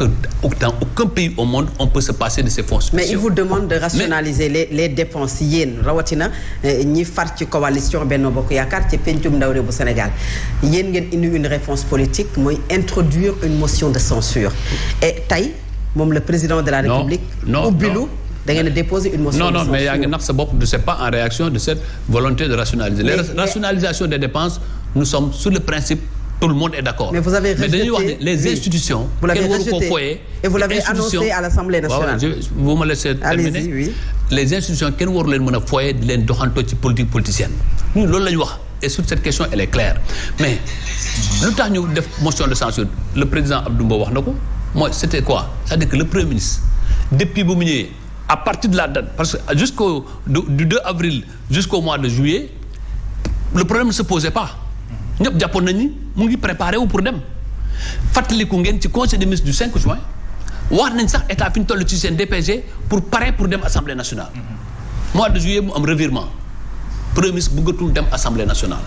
que dans aucun pays au monde on peut se passer de ces fonds spéciaux. mais il vous demande de rationaliser les dépenses yéen rawatina eh, ñi far ci coalition Benno Bokk Yaakaar ci pencum ndaw réew bu Sénégal yéen ngeen indi une réponse politique mooy introduire une motion de censure et tey moom le président de la République. non ubbilu da ngeen déposer une motion. non non mais yaa ngi pas en réaction de cette volonté de rationaliser. les rationalisation des dépenses tout le monde est d'accord. mais vous avez rejeté mais dañuy wax ne les institutions. vous l'avez rejeté et vous l'avez annoncé à l'Assemblée nationale. vous me laissez terminer les institutions kenn waru leen mën a foyee di leen doxantoo ci politique politicienne loolu la wax et sur cette question est claire mais lu tax ñu def motion de censure le président Abdou Mbow wax na ko mooy c'était quoi c'est-à-dire que le premier ministre depuis bu mu ñëwee à partir de la date parce que jusqu'au du, mois de juillet le problème ne se ñëpp jàppoon nañu. mu ngi préparé wu pour dem fàttaliku ngeen ci conseil des ministres du 5 juin wax nañ sax état fi ñu toll ci seen DPG pour pare pour dem assemblée nationale. Mm-hmm. mois de juillet mu am revirement premier ministre bëggatul dem assemblée nationale.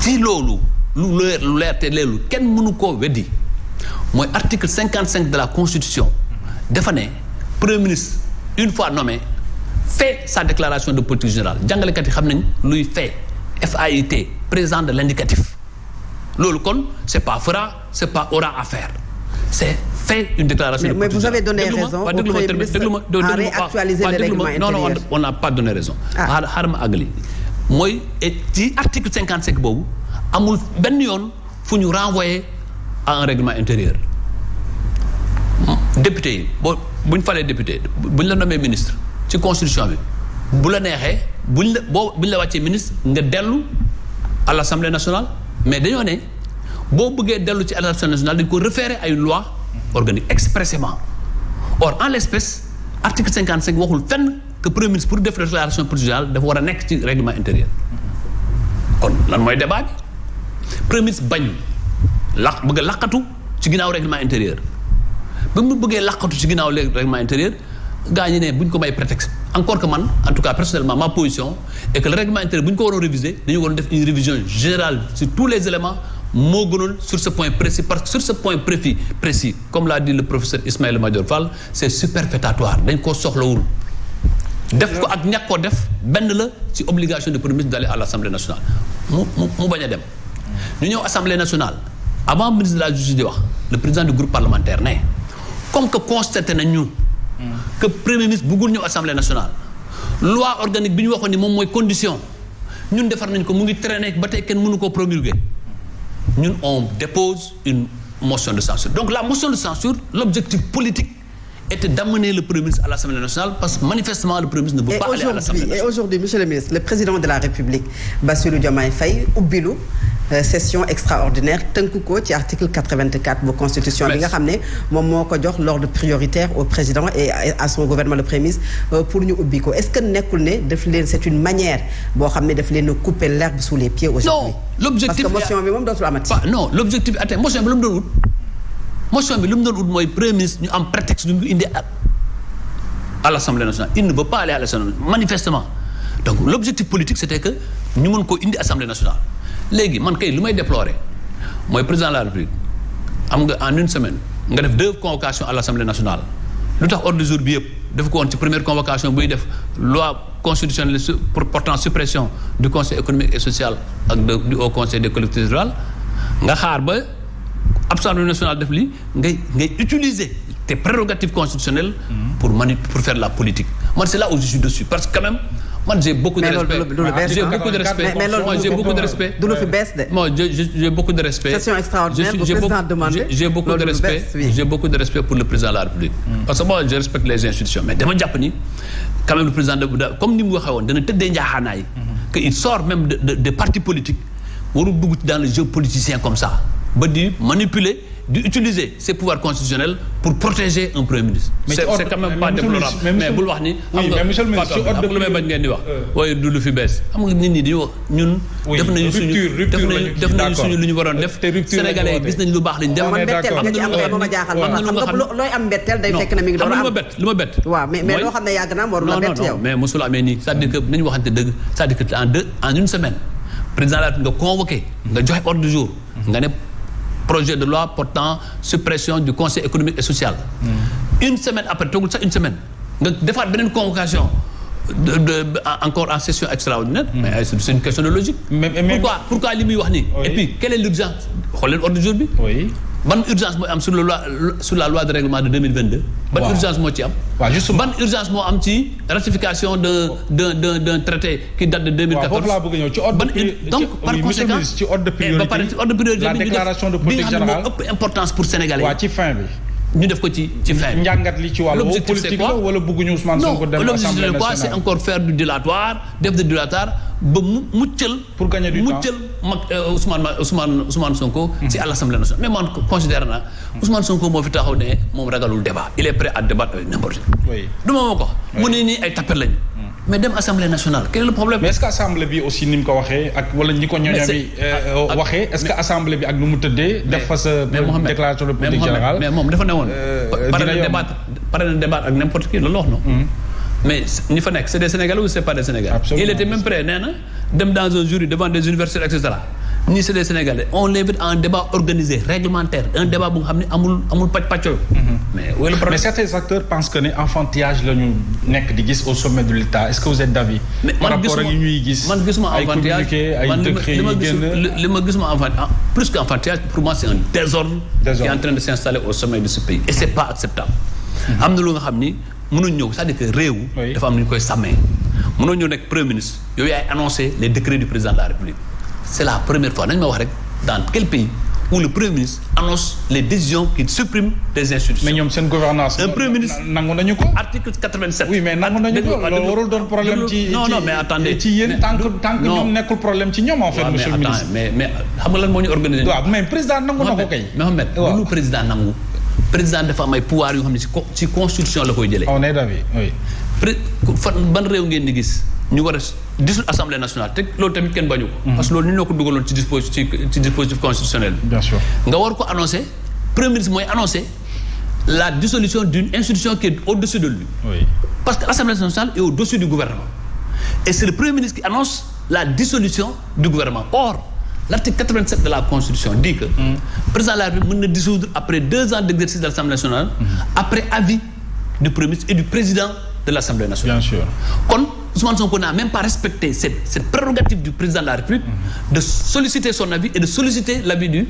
ci loolu lu leer lu leer te leerlu kenn mënu koo weddi mooy article 55 de la constitution dafa ne premier ministre une fois nommé fait sa déclaration de politique générale jàngalekat yi xam nañ luy fait FAIT présent de l'indicatif loolu kon c'est pas fra c'est pas aura affaire faire c'est fait une déclaration. mais, mais vous avez donné raison au premier ministre à réactualiser le règlement intérieur non non on pas donné ah. ma àggali mooy ci article cinquante cinq boobu amul benn yoon fu ñu renvoyer à un règlement intérieur député yi boo bu ñu falee député buñ la nommé ministre ci constitution bi bu la neexee buñ la boo buñ ñu la wàccee ministre nga dellu à l'Assemblée nationale. mais dañoo ne boo bëggee dellu ci assemblée nationale dañ ko référer à une loi organique expressément or en l'espèce article cinquante cinq waxul fenn que premier ministre pour def déclaration procédurale dafa war a nekk ci règlement intérieur kon lan mooy débat bi premier ministre bañ laq bëgg a laqatu ci ginnaaw règlement intérieur ba mu bëggee laqatu ci ginnaaw règlement intérieur gaa ñi ne buñ ko may prétexte encore que man en tout cas personnellement ma position est que le règlement intérieur bu ñu ko waroon réviser dañu waroon def une révision générale sur tous les éléments moo gënoon sur ce point précis parce que sur ce point précis comme l'a dit le professeur Ismaïla Madior Fall c'est superfétatoire dañ koo soxlawul def ko ak ñàkk koo def benn la ci obligation de premier ministre d'aller à l'Assemblée nationale mu mu mu bañ a dem ñu ñëw Assemblée nationale avant ministre la justice di wax le président que premier ministre buggul ñëw assemblée nationale. loi organique bi ñu waxoon ni moom mooy condition ñun defar nañ ko mu ngi traîner ba tey kenn mënu koo promulguer ñun on dépose une motion de censure donc la motion de censure l'objectif politique était d'amener le premier ministre à l'Assemblée nationale parce que manifestement le premier ministre ne veut pas aller à l'Assemblée nationale et aujourd'hui monsieur le ministre le président Euh, session extraordinaire tënk ko ci article 84 bu constitution bi nga xam ne moom moo ko jox l'ordre prioritaire au président et à son gouvernement le premier euh, pour ñu ubbi ko est-ce que nekkul ne daf leen c'est une manière boo xam ne daf leen a couper l'herbe sous les pieds aujourd'hui non l'objectif parce que motion bi moom dootul amati non bi attends motion bi lu mu doon ut motion bi lu mu doon ut mooy premier ñu am prétexte ñu indi à l'Assemblée nationale il ne veut pas aller à l'Assemblée nationale manifestement donc l'objectif politique ñu mën koo indi Assemblée nationale léegi man kay lu may déplorer mooy président de la république am nga en une semaine nga def deux convocations à l' assemblée nationale lu tax ordre du jour bi yëpp def ko woon ci première convocation buy def loi constitutionnelle pour portant suppression du conseil économique et social ak du haut conseil des collectivités rurales nga xaar ba assemblée nationale def li ngay ngay utiliser tes prérogatives constitutionnelles mm-hmm. pour mani pour faire la politique man c' est là man j'ai beaucoup de respect ah, j'ai du lu fi bees de bon j'ai beaucoup de respect session extraordinaire bu président de respect j'ai beaucoup de respect pour le président la République hmm. parce que moi je respecte les institutions mais dama jàpp quand même le président de comme ni mu waxee woon dana hmm. dans le jeu politicien comme ça ba di di utiliser ses pouvoirs constitutionnels pour protéger un premier ministre. mais bul wax ni. mais monsieur le bañ ngeen di wax. Euh. waaye du lu fi def nañu suñu lu ñu waroon def. te gis nañ lu baax lañ def. lu ma jaaxal lu ma bett lu ma bett. mais loo xam ne yàgg na waru la bett yow. mais mosul amee nii cest dire que nañu waxante dëgg cest à en une semaine président la nga convoqué nga joxe ordre du jour nga ne projet de loi portant suppression du conseil économique et social. Hmm. une semaine après toogul sax une semaine nga defaat beneen convocation. De, de, de, encore en session extraordinaire. Mm. mais c'est une question de logique. pourquoi mais, pourquoi li muy wax nii. et puis quelle est l'urgence urgence xool leen ordre ban urgence mooy am sur la loi sur la loi de règlement de 2022. ban urgence moo ci am. waaw justement ban urgence moo am ci ratification d'un d'un d'un traité qui date de 2014. waaw foofu laa bëgg a ñëw ci ordre donc par conséquent ci ordre de eh, priorité. la déclaration de politique générale bi nga xam ne moo ëpp importance pour sénégalais. waaw ci fin bi. ñu def ko ci ci fin njàngat li ci wàllu politique la wala bëgguñu Ousmane Sonko dem assemblée nationale c'est encore faire du dilatoire def du dilatoire ba mu muccal pour gagner du temps muccal mag euh, Ousmane Ousmane Ousmane Sonko hmm. ci à l'assemblée nationale mais man considère naa hmm. Ousmane Sonko moo fi taxaw ne moom ragalul débat il est prêt à débattre avec n'importe du ma ko mu ne nii ay tappet lañu mais dem assemblée nationale quel est le problème. mais est ce que assemblée bi aussi ni mu ko waxee ak wala ñi ko ñooña bi euh, ah, ah, waxee est ce que assemblée bi ak nu mu tëddee. def fa sa déclaration de politique générale mais moom dafa newoon. Euh, pare na débat pare na débat ak n' importe qui loolu wax hmm. mais ñi fa nekk c' est des sénégalais pas des sénégalais. il était même prêt nee dem dans un jury devant des universités et ñi c'est des Sénégalais on l'invite à un débat organisé réglementaire un débat bu nga xam ne amul amul pàcc pàccoo mm-hmm. mais où est mais que ne enfantillage la ñu nekk gis au sommet de l'État gis man gisuma enfantillage ay li ma gisuma enfantillage ah, plus qu'enfantillage pour moi c'est un désordre qui est en train de s'installer au sommet de ce pays et c'est pas acceptable mm-hmm. am na lu nga xam ni mënuñ ñëw c'est-à-dire que réew dafa am lu ñu koy sàmmee mënoo ñëw nekk premier ministre yooyu yaay annoncé les décrets du président de la République c'est la première fois nañ ma wax rek dans quel pays où le premier ministre annonce les décisions qui suppriment des institutions. mais ñoom seen gouvernance un premier ministre nangu nañu ko. article 87. oui mais nangu loolu doon problème. ci ñoom en fait monsieur le ministre mais xam nga lan moo ñu organisé. waaw mais président nangu na ko kay. Mohamed Mohamed lu président nangu. président dafa am ay yoo xam ne ci constitution la koy jëlee. pré fan ban réew ngeen di gis ñu war a disul assemblée nationale te loolu tamit kenn bañu ko. Mhm. parce que loolu ñu ñoo ko dugaloon ci dispositif ci bi. nga war ko annoncer premier ministre mooy annoncer la dissolution d'une institution qui est au-dessus de lui. parce que l'assemblée nationale est au-dessus du gouvernement. et c'est le premier ministre qui annonce la dissolution du gouvernement or l'article de la constitution dit que. Mm. de l'Assemblée nationale. Bien sûr. kon Ousmane Sonko n'a même pas respecté cette cette prérogative du président de la République. Mhm. de solliciter son avis et de solliciter l'avis du.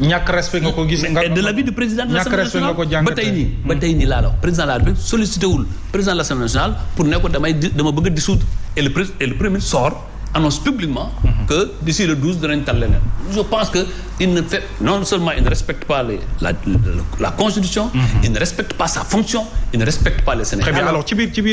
ñàkk respect nga ko gis. nga de l'avis du président de l'Assemblée nationale ba tey nii ba tey nii laa président de la République sollicité wul président de l'Assemblée nationale pour ne ko damay dama a dissoudre et le premier ministre annonce publiquement. que d'ici le 12 danañ tal leneen je pense que il ne fait non seulement il ne respecte pas les la la, la constitution. Mm -hmm. il ne respecte pas sa fonction il ne respecte pas les Sénégalais. Très bien alors ci biir ci biir